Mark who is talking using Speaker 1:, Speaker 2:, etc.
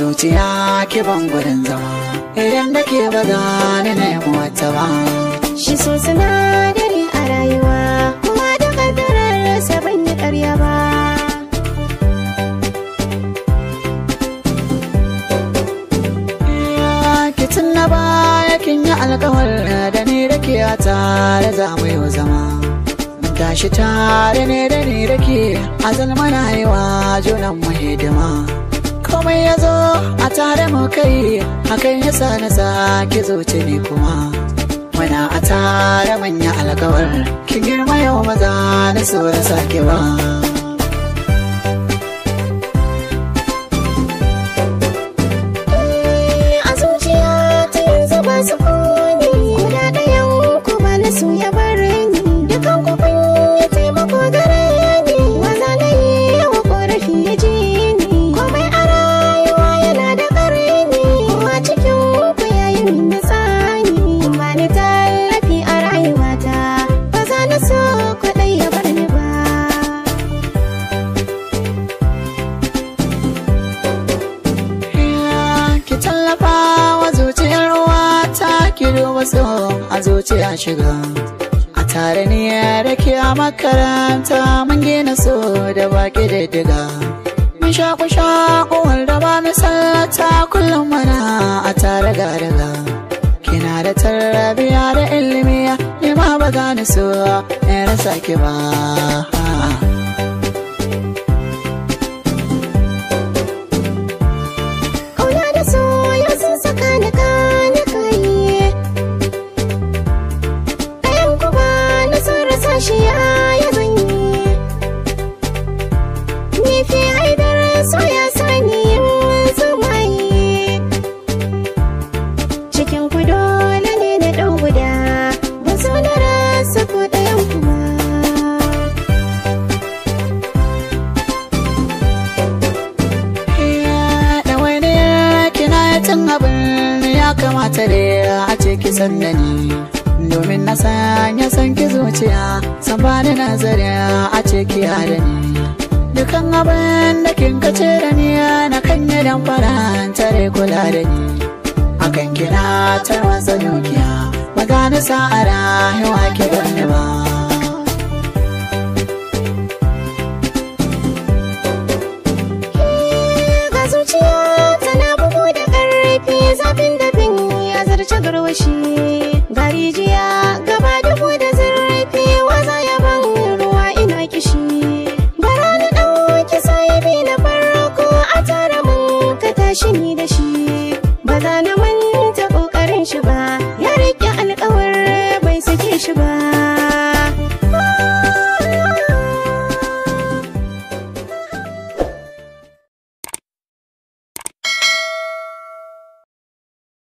Speaker 1: zuciya ki ban gudun zama idan da ke ba za ni na yamu wata ba. Shi so sinadari a rayuwa
Speaker 2: kuma da kaddarar rasa ban yi karya ba.
Speaker 1: tun na baya kin yi alkawar da ni da ke tare za mu yi zama. Tashi tare ne da ni da ke a zalmana yi wa junan mu hidima. komai ya zo a tare mu kai Akan ya sa na sake zoce ne kuma mana a tare manya alkawar ki girma yau maza na so na sake ba duba tsohon a zuciya shiga a tare ni ya rake a makaranta mun gina so da baki da diga mun shaku shaku wanda ba mu sallata kullum mana a tare ga daga kina da tarrabiya da ilimiya ni ma ba gane so in rasa ki ba
Speaker 2: zuciya ya zanyi ni fi aidar so ya sani zamaye cikin ku dole ne na ɗan guda ban so na rasa ko ɗayan kuma
Speaker 1: Tun abin ya kamata da a ce ki sannani. domin na san ya san ki zuciya san ba ni nazari a ce ki da ni dukan abin da kin kace da ni na kan yi dan faranta da kula da ni akan kira tarwatsa dukiya magana sa'ara yawa ki ba
Speaker 2: shi ni da shi ba za na manta ƙoƙarin shi ba ya riƙe alƙawar bai sake shi ba